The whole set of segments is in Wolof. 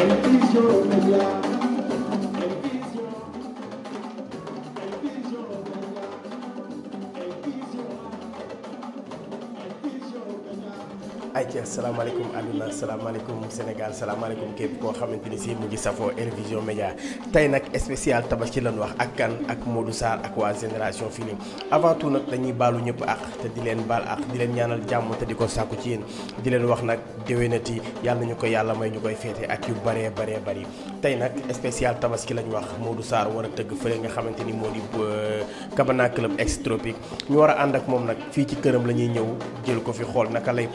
el me Assalamualaikum asalaamaaleykum Assalamualaikum Senegal, Assalamualaikum salaamaaleykum képp koo xamante ni si mu ngi safoo El Vision Média tey nag spécial tabaski lan wax ak kan ak Modou Sarr ak wa Feeling avant tout nak dañuy balu ñëpp ak te di leen bal ak di leen ñaanal jàmm te di ko sàkku ci yéen di leen wax nak déwénati yàlla nañu ko yàlla may ñu koy ak yu bare bare bëri tey nag spécial tabaski lañ wax Modou Sarr war a tëgg nga xamante di euh, Cabana Club ñu war a ak moom nag fii ci këram la ñuy lay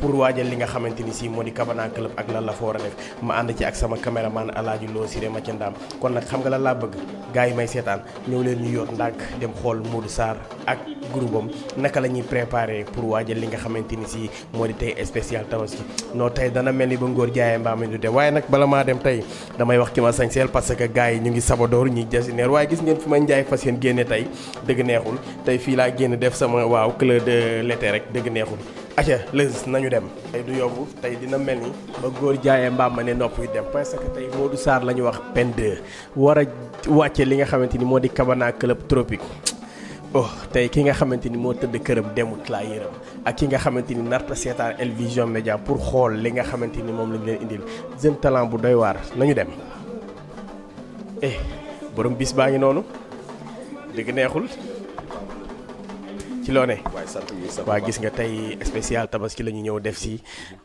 pour wajal li nga xamanteni si modi Kabana club ak lan la fa def ma and ci ak sama cameraman aladi Lo Siré ma ci ndam kon nak xam nga la la bëgg gaay may ñew leen ñu yoot ndak dem xol Modou sar ak groupe naka lañuy préparer pour wajal li nga xamanteni si modi di spécial tawaski no tay dana melni bu ngor jaay mba mi du de waaye nak bala ma dem tay damay wax ki ma sañseel parce que gaay ñu ngi sabador ñi jasineer waye gis ngeen fuma njaay fas yéen neexul tay fi la def sama waaw couleur de l'été rek deug neexul aja les nanyu dem tey du yobbu tadi dina mel ni ba góor jaayee mbaam ma ne dem parce que tey Modou Sarr la ñu wax pen 2 war a li nga ni Club Tropique oh tadi ki nga xamante ni moo tëdd demut laa yërëm ak ki nga xamante ni narta seetaan El Vision Média pour xool li nga ni indil jeune talent bu doy dem eh borom bis baa ngi noonu ci loo ne. waaw gis nga tey spécial tabaski la ñu ñëw def si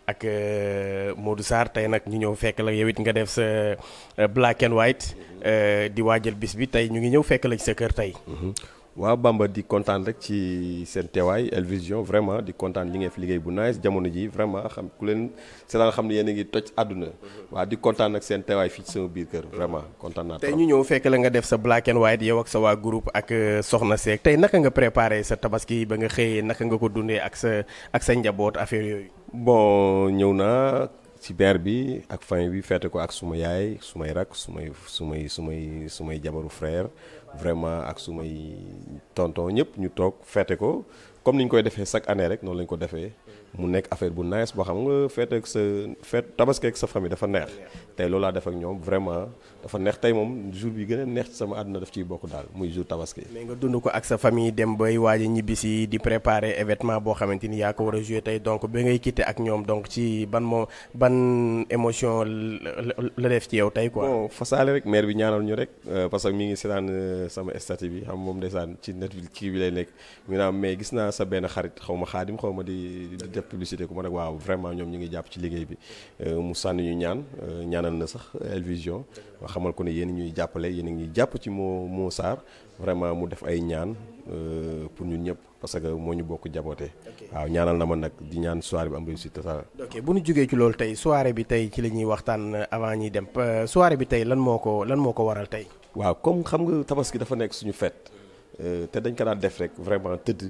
ak euh, Modou Sarr tey nag ñu ñëw fekk la yow it nga def sa euh, black and white mm-hmm. euh, di waajal bis bi tey ñu ngi ñëw fekk la ci sa kër tey. Mm-hmm. waaw Bamba di kontaan rek ci seen teewaay elvision vraiment di kontaan li ngeen fi liggéey bu nice jamono ji vraiment xam ku leen seetaan xam ne yéen a ngi toj àdduna waaw di kontaan ak seen teewaay fii ci sama biir kër vraiment kontaan naa tey ñu ñëw fekk la nga def sa black and white yow ak sa waa groupe ak euh, soxna Seck tey naka nga préparer sa tabaski ba nga xëyee naka nga ko dundee ak sa ak sa njaboot affaire yooyu bon ñëw naa ci beer bi ak fin bi feete ko ak suma yaay sumay rak su may sumay sumay jabaru frère vraiment ak su may tonton ñëpp ñu toog feete ko comme ni ñu koy defee chaque année rek noonu la ko defee mu nekk affaire bu nice boo xam nga fête ak sa fête tabaski sa famille dafa neex tey loolu laa def ak ñoom vraiment dafa neex tey moom jour bi gën a neex ci sama àdduna daf ciy bokk daal muy jour tabaski. mais nga dund ko ak sa famille dem bay waaj a ñibbisi di préparer événement boo xamante ni yaa war a joué tey donc bi ngay quitté ak ñoom donc ci ban moo ban émotion la def ci yow tey quoi. bon rek maire bi ñaanal ñu rek euh, parce que mi ngi seetaan euh, sama statut bi xam moom ndeysaan ci net kii bi lay nekk mais gis naa. sa benn xarit xaw ma xaadim xaw ma di di def publicité ku ma nag waaw vraiment ñoom ñu ngi jàpp ci liggéey bi euh, mu sànni ñu ñaan euh, ñaanal na sax Elvision xamal ko ne yéen ñuy jàppale yéen a ngi jàpp ci moo moo saar vraiment mu def ay ñaan euh, pour ñun ñëpp parce que moo ñu bokk jaboote waaw ñaanal na ma nag di ñaan soirée bi am réussite sa ok bu ñu jógee ci loolu tey soirée bi tey ci la ñuy waxtaan avant ñuy dem soirée bi tey lan moo ko lan moo ko waral tey waaw comme xam nga tabaski dafa nekk suñu fête te dañ ko daan def rek vraiment tëdd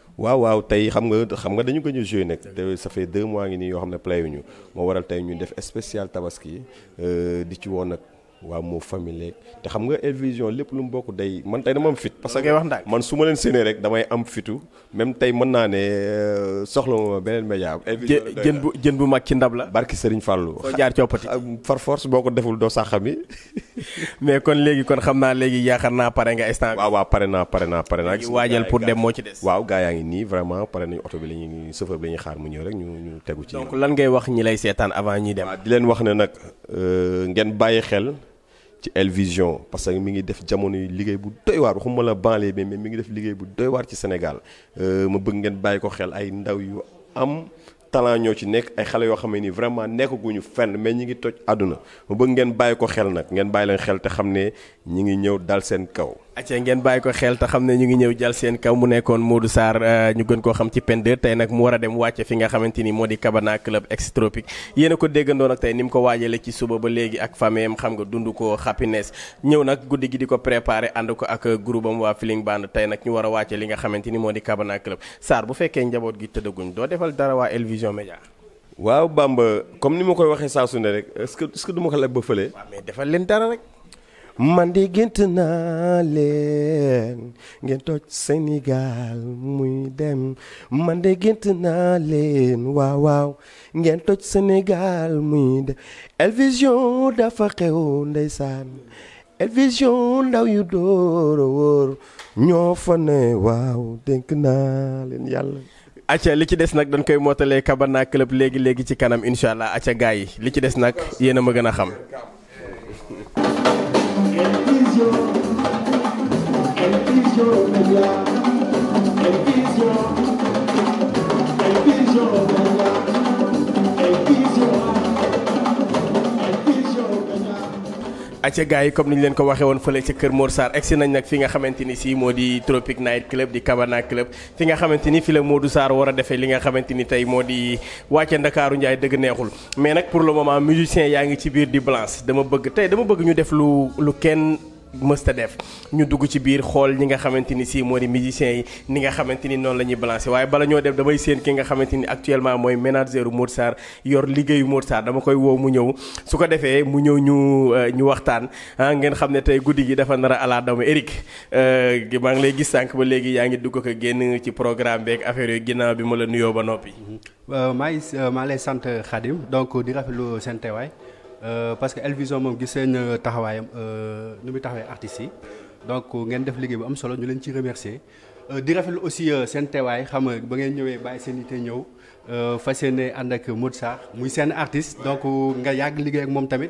waaw waaw tey xam nga xam nga dañu gëj a joué nag te ça fait deux mois ngi nii yoo xam ne playu ñu moo waral tey ñu def spécial tabaski euh, di ci woon nag waa moo famille te xam nga El lépp lu mu bokk day man tey dama am fit. parce que wax man su ma leen séenee rek damay am fitu même tey mën naa ne euh, soxla ma beneen média. jën bu jën bu mag ci ndab la. barki Serigne Fallou. soo jaar coppati far euh, force boo ko deful doo saxami. mais kon léegi kon xam naa léegi yaakaar naa pare nga instant. waaw waaw pare naa pare naa pare naa. pour dem moo ci des. waaw gaa yaa ngi nii vraiment pare nañu oto bi la ñuy chauffeur bi la ñuy xaar mu ñëw rek ñu ñu tegu ci. donc lan ngay wax ñi lay seetaan avant ñuy dem. leen wax ne euh, ngeen bàyyi xel ci El Vision parce que mi ngi def jamono yi liggéey bu doy waar waxuma la banlieue bi mais mi ngi def liggéey bu doy waar ci senegal euh, ma bëgg ngeen bàyyi ko xel ay ndaw yu am talent ñoo ci nekk ay xale yoo xam ne nii vraiment nekkaguñu fenn mais ñi ngi toj àdduna ma bëgg ngeen bàyyi ko xel nag ngeen bàyyi leen xel te xam ne ñi ngi ñëw dal seen kaw. acce ngeen bàyyi ko xeel te xam ne ñu ngi ñëw jal seen kaw mu nekkoon Modou Sarr euh, ñu gën koo xam ci PEN 2 tey nag mu war a dem wàcce fi nga xamante ni moo di Cabana club extropique yéen a ko déggandoon ak tey ni mu ko waajale ci suba ba léegi ak famem xam nga dund ko happiness ñëw nag guddi gi di ko préparé ànd ko ak groupe am waa Feeling Band tey nag ñu war a wàcce li nga xamante ni moo di Cabana club Sarr bu fekkee njaboot gi tëddaguñ doo defal dara waa El Vision Média waaw Bamba comme ni ma koy waxee saa su ne rek est que est que du ko leb ba fële mais defal leen dara rek man de gént naa leen ngeen toj Sénégal muy dem man di gént naa leen waaw waaw ngeen toj Sénégal muy dem El Vision dafa xew ndeysaan El ndaw yu dóor a wóor ñoo fa ne waaw dénk naa leen yàlla acca li ci des nag dañ koy mootalee Kabana club léegi léegi ci kanam incha allah acca gars yi li ci des nag yéen a ma gën a xam acca gars yi comme ni leen ko waxee woon fële ca Kër Mor saar egsi nañ nag fi nga xamante ni si moo di Tropic Night Club di Cabana Club fi nga xamante ni fi la Modou Sarr war a defee li nga xamante ni tey moo di wàcce Ndakaaru Njaay dëgg neexul mais nag pour le moment musicien yaa ngi ci biir di balance dama bëgg tey dama bëgg ñu def lu lu kenn mësta def ñu dugg ci biir xool ñi nga xamante ni si moo di musiciens yi ni nga xamante ni noonu la ñuy balancé waaye bala ñoo dem damay séen ki nga xamante ni actuellement mooy manager u Modou Sarr yor liggéeyu Modou Sarr dama koy woo mu ñëw su ko defee mu ñëw ñu euh, ñu waxtaan ah ngeen xam ne tey guddi gi dafa nar a alaa dama Eric euh, maa ngi lay gis sànq ba léegi yaa ngi dugg ko génn ci programme beeg affaire yooyu ginnaaw bi ma la nuyoo ba noppi maa ngi maa lay sant Khadim donc di rafetlu seen teewaay Euh, parce que Elvis Vision moom gis seen euh, taxawaayam euh, nu muy taxawee artistes yi donc ngeen def liggéey bu am solo ñu leen ci remercier di rafetlu aussi seen teewaay xam nga ba ngeen ñëwee bàyyi seen yitte ñëw fas yéene ànd ak Modou Sarr muy seen artiste donc nga yàgg liggéey ak moom tamit.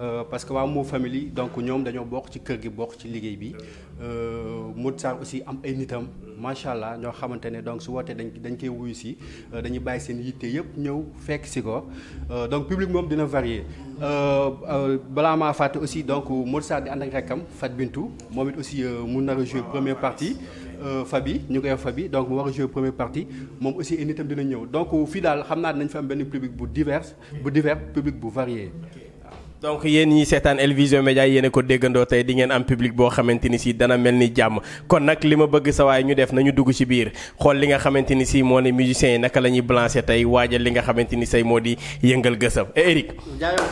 Euh, parce que waa Move Family donc ñoom dañoo bokk ci kër gi bokk ci liggéey bi euh, Modou Sarr aussi am ay nitam macha allah ñoo xamante ne donc su wootee dañ dañ koy wuyu si euh, dañuy bàyyi seen yitte yëpp ñëw fekk si ko donc public moom dina varier balaa maa fàtte aussi donc Modou Sarr di ànd ak rekkam Fat Bintou moom aussi mu nar a jouer première partie Fabi ñu Fabi donc mu war jouer première partie moom aussi ay nitam dina ñëw donc fii daal xam naa nañ fa am benn public bu divers bu divers public bu varié. donc yéen ñi seetaan El Vision Médias ko déggandoo tey dingeen am public boo xamante ni dana mel ni jàmm kon nag li ma bëgg sa waay ñu def nañu dugg ci biir xool li nga xamante ni si moo ne musiciens yi naka la ñuy tey waajal li nga xamante ni say moo di yëngal gësam et eh, Eric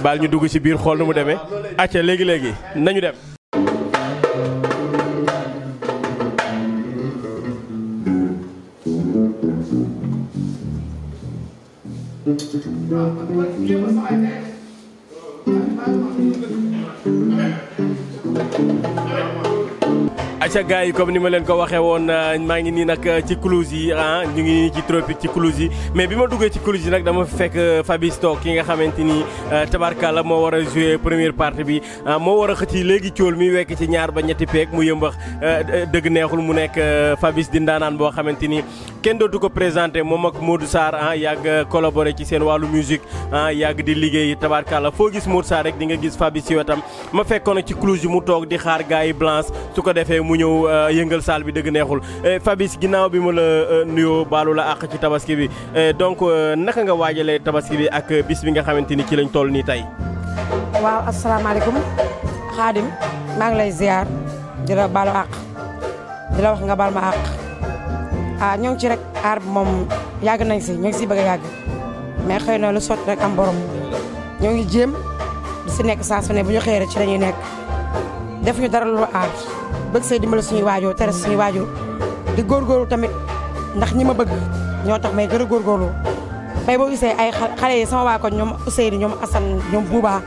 baal ñu dugg ci biir xool nu mu demee acca léegi-léegi nañu dem acca gars yi comme ni ma leen ko waxee woon euh, maa ngi nii nag euh, ci clouse yi ah ngi nii ci tropique ci clouse yi mais bi ma duggee ci clouse yi nag dama fekk euh, Fabrice toog ki nga xamante ni tabarkalla moo war a joué première partie bi ah, moo war a xëcc léegi cool mi wekk ci ñaar ba ñetti peeg mu yëmbax dëgg neexul mu nekk Fabrice di ndaanaan boo xamante ni kenn dootu ko présenté moom ak Modou Sarr ah yàgg collaboré ci seen wàllu musique ah yàgg di liggéey tabarkalla foo gis Modou rek di nga gis Fabrice ci wetam di xaar mu ñëw euh, yëngal saal bi dëgg neexul euh, Fabrice ginnaaw bi ma la euh, nuyoo baalu la àq ci tabaski bi donc naka nga waajalee tabaski bi ak bis bi nga xamante ni ci lañ toll nii tey. waaw asalaamaaleykum Xaadim maa ngi lay ziar di la baalu àq di wax nga baal ma àq ah ñoo ngi ci rek aar bi moom yàgg nañ si ñoo ngi si bëgg a yàgg mais xëy na lu sotti rek am borom ñoo ngi jéem di si nekk saa su ne bu ñu xëyee ci la ñuy nekk def ñu dara lu aar. bëgg see dimbali suñuy waajur tere suñuy waajur di góor góorgóorlu tamit ndax ñi ma bëgg ñoo tax may gën a góorgóorlu tey boo gisee ay xale yi sama waako ko ñoom Ousseynou ñoom Assane ñoom Bouba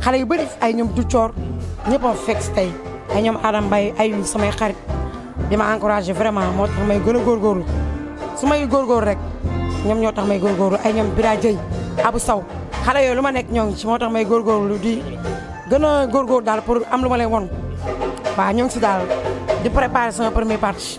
xale yu bëri ay ñoom du coor ñëpp fekk si tey ay ñoom Adam Mbaye ay samay xarit di ma encouragé vraiment moo tax may gën góor góorgóorlu su may góor góor rek ñoom ñoo tax may góorgóorlu ay ñoom Bira Dieye Abou Sow lu ma nekk ñoo ngi moo tax may góorgóorlu di gën a góorgóorlu daal pour am lu ma leen won waaw ñoo ngi si daal di préparer sama premier parti.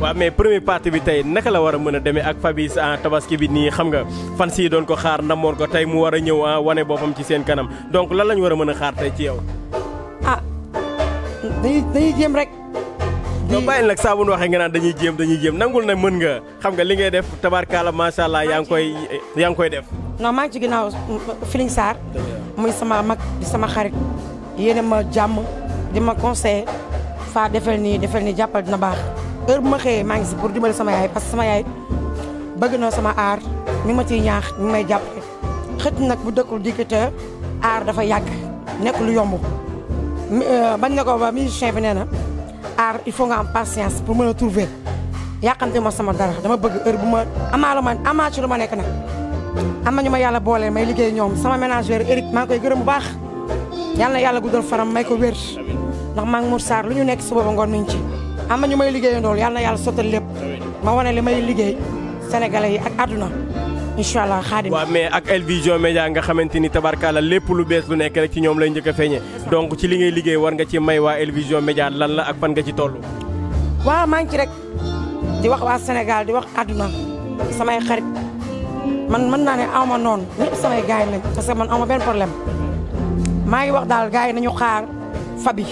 waaw mais premier parti bi tey naka la war a mën a demee ak Fabrice en tabaski bi nii xam nga fan si doon ko xaar ndamoon ko tey mu war ñëw ah wane boppam ci seen kanam donc lan lañ war a mën a xaar tey ci yow. ah dañuy dañuy jéem rek. di bàyyi nag saa bu nu waxee nga naan dañuy jéem dañuy jéem nangul na mën nga xam nga li ngay def tabarkaala macha allah yang ngi koy yaa koy def. non maa ci ginnaaw Feeling Sarr muy sama mag di sama xarit yéene ma jàmm. di ma conseillé faa defal nii defal ni jàppal na baax heure bu ma xëyee maa ngi si pour dimbali sama yaay parce sama yaay bëgg na sama aar mi ma ciy ñaax mi may jàpp xëcc nag bu dëkkul dikkateur aar dafa yàgg nekk lu yomb euh, bañ na ko ba musicien bi nee na aar il faut nga am patience pour mën a trouver yàqante ma sama dara dama bëgg heure bu ma amaa la ma amaa ma nekk nag am na ñu ma yàlla boole may liggéey ñoom sama ménageur Eric maa koy gërëm bu baax yàlla na yàlla faram may ko ndax ma ngi Mour sar lu ñu nekk suba ba ngoon ci am na ñu may liggéeyandool ndol yalla yalla sotal lepp ma wone li may liggéey sénégalais yi ak aduna inshallah allah wa mais ak El Vision media nga xamanteni ni tabarkaala lépp lu bes lu nekk rek ci ñom lay ñëk a donc ci li ngay liggéey war nga ci may wa El Vision media lan la ak fan nga ci tollu wa ma ngi ci rek di wax wa Sénégal di wax xarit man man na ne awma non? ñëpp sama gars lañ parce que man awma ben problème ma ngi wax dal gaay nañu xaar fabi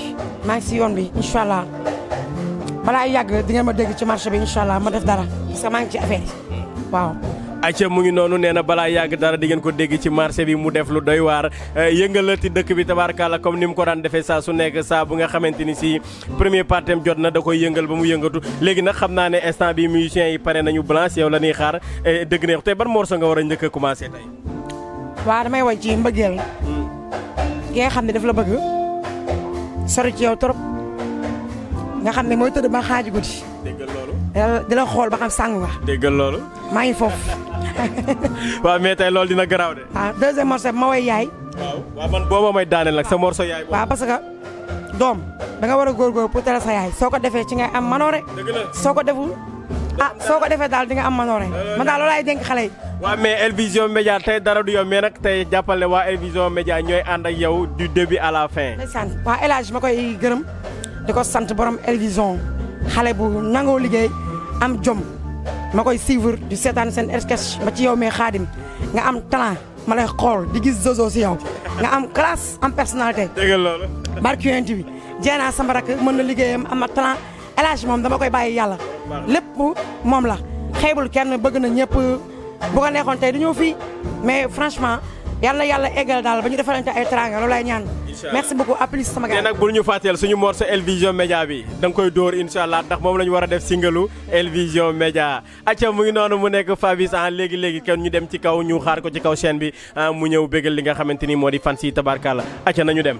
maa ngi si bi inshallah allah balaa Yag di ngeen ma dégg ci marché bi inshallah allah ma def dara parce que maa ngi ci affaire yi waaw. acca mu ngi noonu nee na balaa yàgg dara di ngeen ko dégg ci marché bi mu def lu doy war eh, yëngalati dëkk bi tabaarkalla comme ni ko daan defee sa su nekk sa bu nga xamante si premier partem jot na da koy yëngal ba mu yëngatu léegi nag xam naa ne instant bi musiciens yi pare nañu blanche yow la ni xaar eh, dëgg neex tey ban morceau nga war a njëkk a commencé damay woy ci mbëggeel. ge hmm. nga daf la bëgg. sori ci yow trop nga xam ne mooy tëdd ba xaaj guddi. déggal loolu. di la xool ba xam sàng nga. déggal maa ngi foofu. waaw mais tey loolu dina garaaw de. ah deuxième morceau bi ma way yaay. waaw waaw man booba may daaneel nag sa morceau yaay. waaw parce que doom da war a góorgóorlu pour tere sa yaay soo ko defee ci ngay am manoore. soo ko deful. ah soo ko defee daal di nga am manoore man daal loolaay dénk xale yi. waaw mais El Vision Média tey dara du yow mais nag tey jàppale waa El Vision Média ñooy ànd ak yow du début à la fin. ndeysaan waa El Hadj ma koy gërëm di ko sant borom El xale bu nangoo liggéey am jom ma koy suivre di seetaan seen sketch ba ci yow mais xaadim nga am talent ma lay xool di gis zozo si yow nga am classe am personnalité. dëgg la loolu. barke yonent bi Diena mën na liggéeyam am élage moom dama koy bàyyi yàlla lépp moom la xeebul kenn bëgg na ñëpp bu ko neexoon tey du ñëw fii mais franchement yàlla na yàlla eggal daal ba ñu defalante ay teraanga loolu lay ñaan merci beaucoup à plus sama gars nag bul ñu fàtteel suñu morceau El Vision Média bi da nga koy dóor incha allah ndax moom la ñu war a def singalu El Vision Média acca mu ngi noonu mu nekk Fabrice ah léegi léegi kenn ñu dem ci kaw ñu xaar ko ci kaw seen bi ah, mu ñëw bégal li nga xamante ni moo di fan si tabarkalla acca nañu dem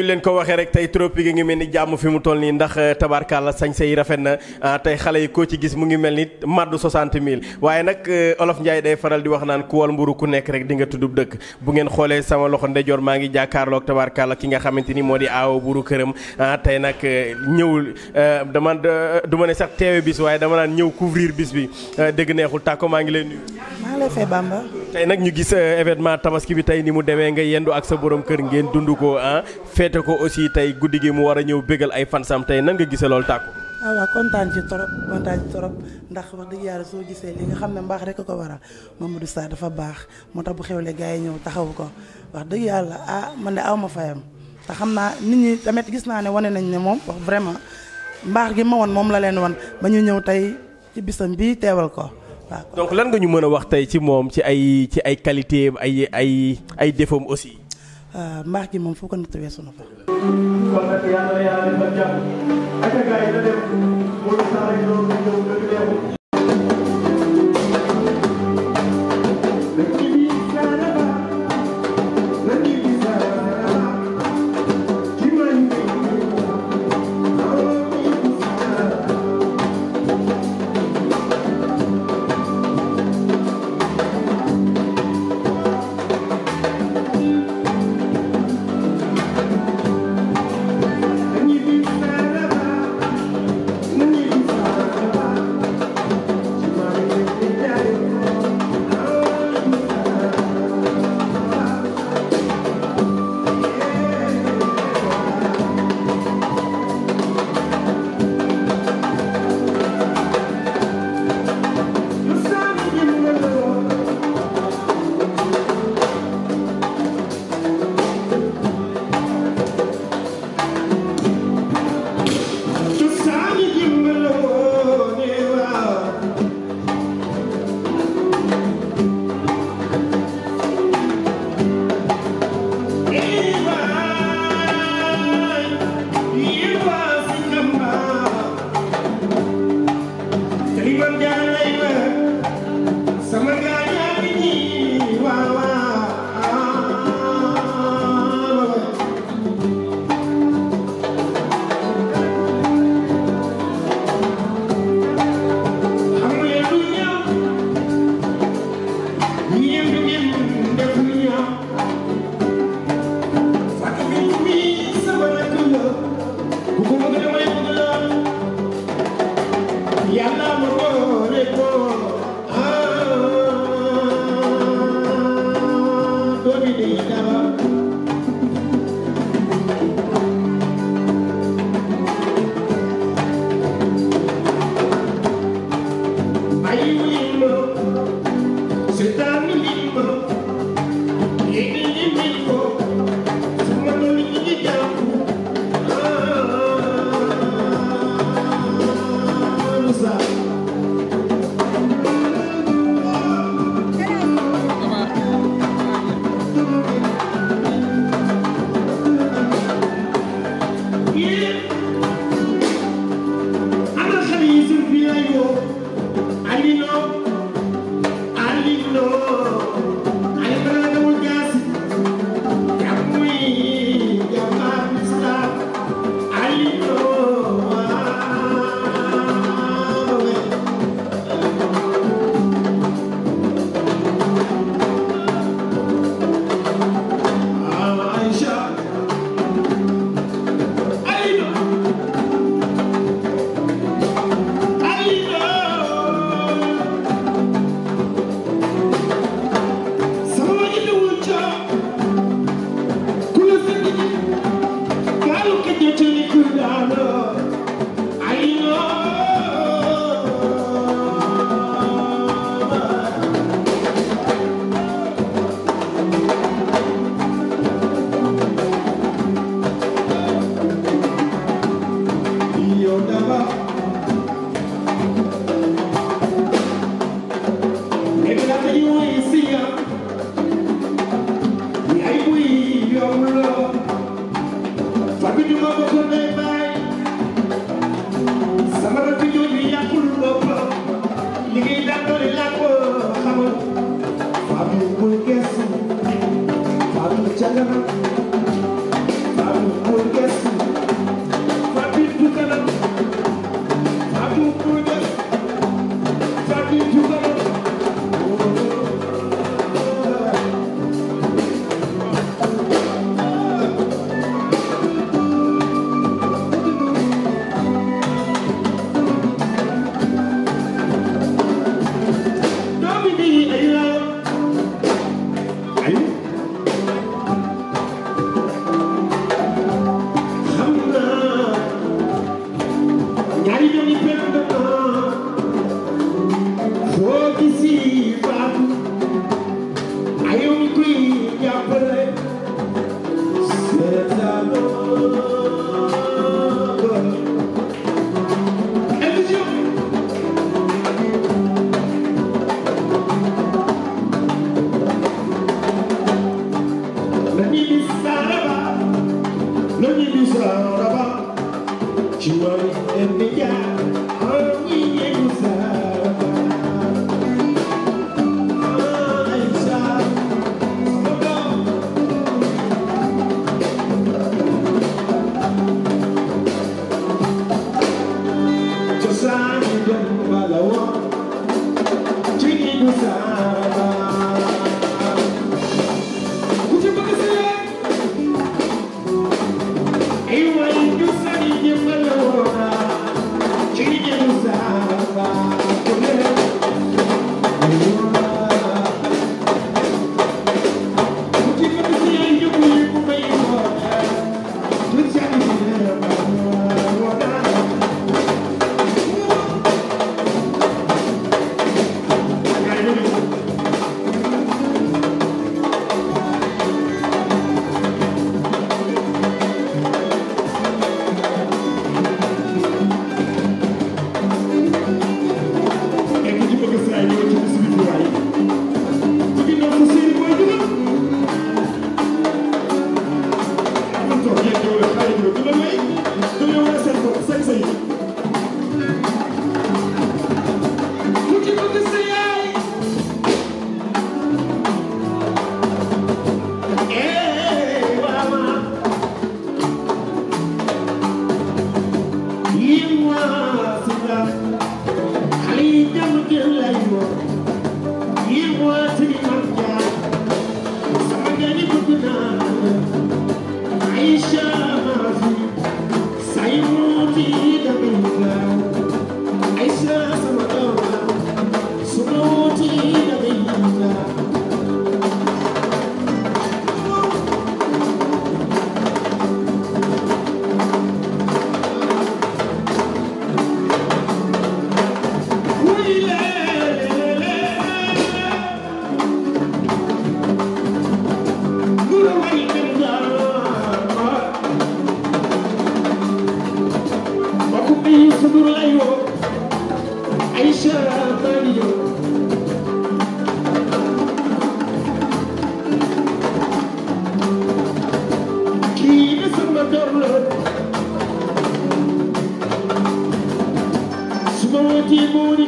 ñu leen ko waxee rek tey tropique ngi mel ni jàmm fi mu toll nii ndax eh, tabarkàlla sañse yi rafet na ah, tey xale yi koo ci gis mu ngi mel ni 60.000. 60 mille waaye nag eh, olof Ndiaye day faral di wax naan ku wal mburu ku nekk rek di nga tuddub dëkk bu ngeen xoolee sama loxo ndeyjoor maa ngi jàkkaarloog tabarkàlla ki nga xamante ni moo di aawo buru këram ah, tey nak eh, ñëw dama du ma ne sax teewe bis waaye dama naan ñëw couvrir bis bi neexul ngi leen nuyu fay bamba tey nag ñu gis événement tabaski bi tey ni mu demee nga yendu ak sa borom kër ngeen ah te ko aussi tey guddi gi mu war a ñëw bégal ay fansam tey nan nga gisee loolu tàkku ah waaw kontaan ci trop kontaan ci trop ndax wax dëgg yàlla soo gisee li nga xam ne mbaax rekk ko waral Mamadou Sarr dafa baax moo tax bu xewle gars yi ñëw taxawu ko wax dëgg yàlla ah man de aw ma fayam te xam naa nit ñi tamit gis naa ne wane nañ ne moom wax vraiment mbaax gi ma woon moom la leen wan ba ñu ñëw tey ci bisam bi teewal ko waaw. donc lan nga ñu mën a wax tey ci moom ci ay ci ay qualité ay ay ay défaut aussi. Euh, mbaax ji moom foo ko na fa. kon nag yàlla yàlla defal jàmm ak gars yi da dem mu sax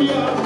Yeah.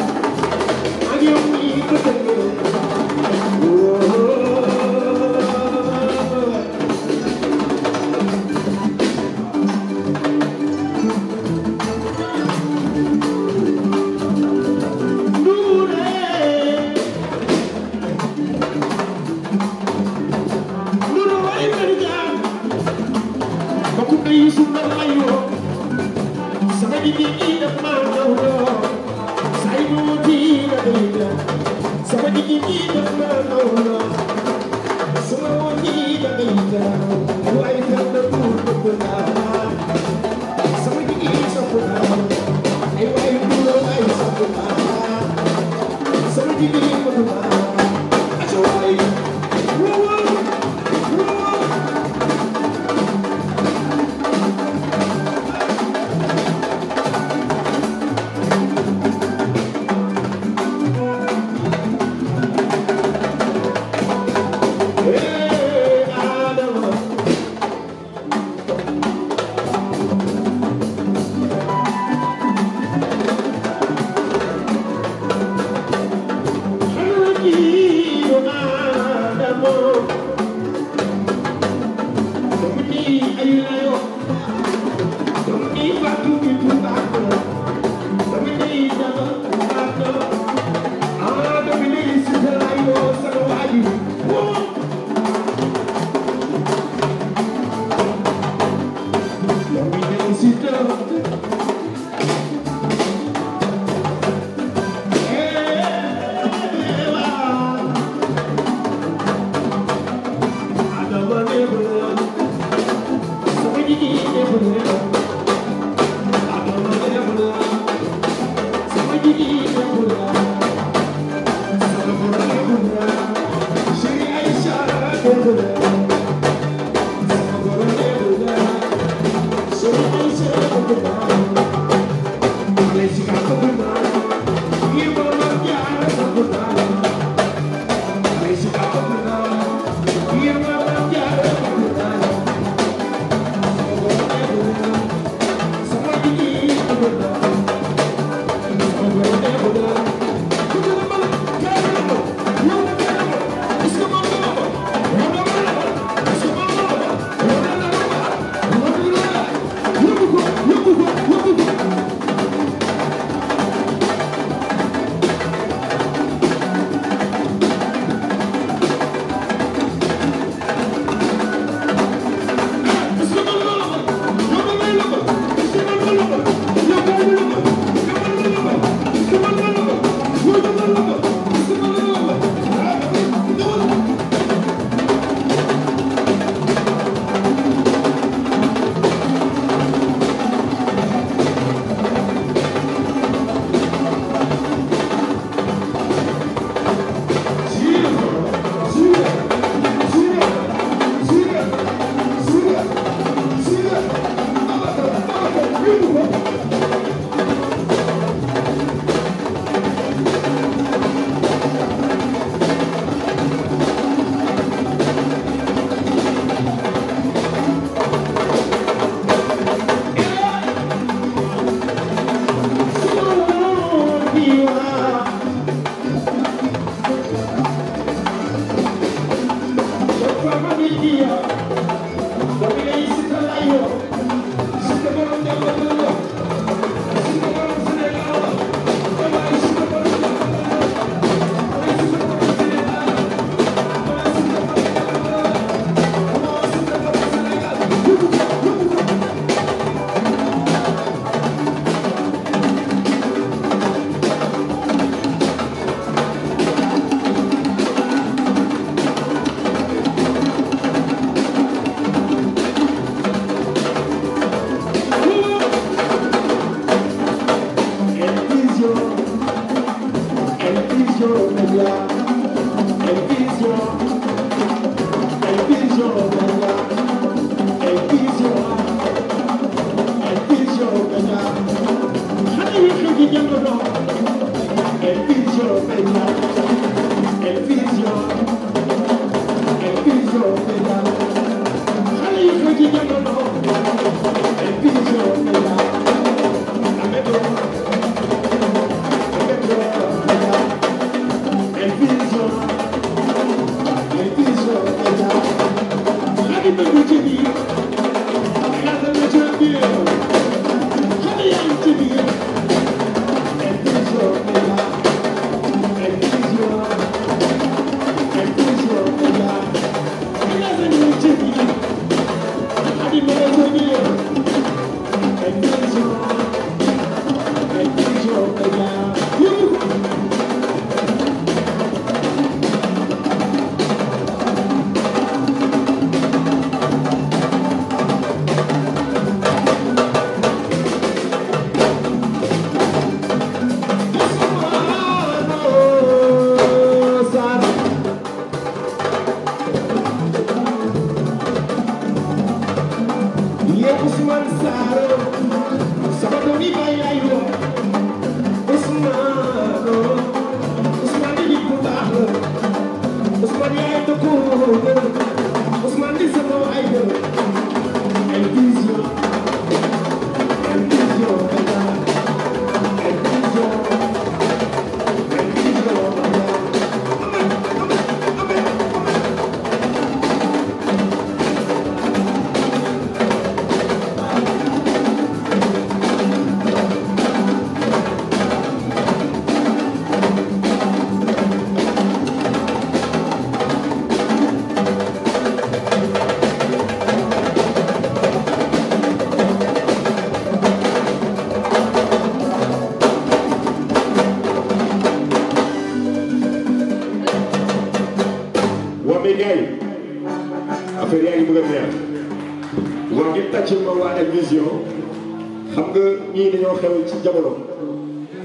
ma waa El xam nga ñii dañoo xew ci jamono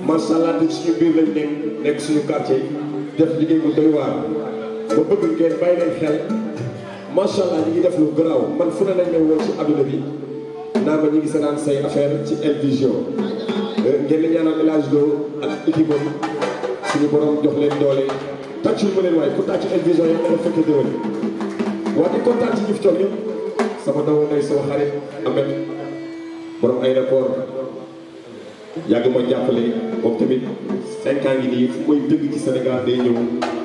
macha allah te suñu biir lañ nekk nekk suñu quartier def liggéey bu doy waar ba bëgg ngeen bàyyi leen xel macha allah def lu garaaw man fu ne lañ may woo ci adduna bi naa ma ñu ngi seetaan say affaire ci El euh, ngeen di ñaanal village ak équipe suñu borom jox leen doole tàccul ma leen waaye ku tàcc El Vision yow nga fekk déwén waa di kontaan ci ñi fi toog ñëpp sama doomu ndey sama xarit Amet borom aéroport yàgg ma jàppale moom tamit cinq ans yi nii fu may dëgg ci Sénégal day ñëw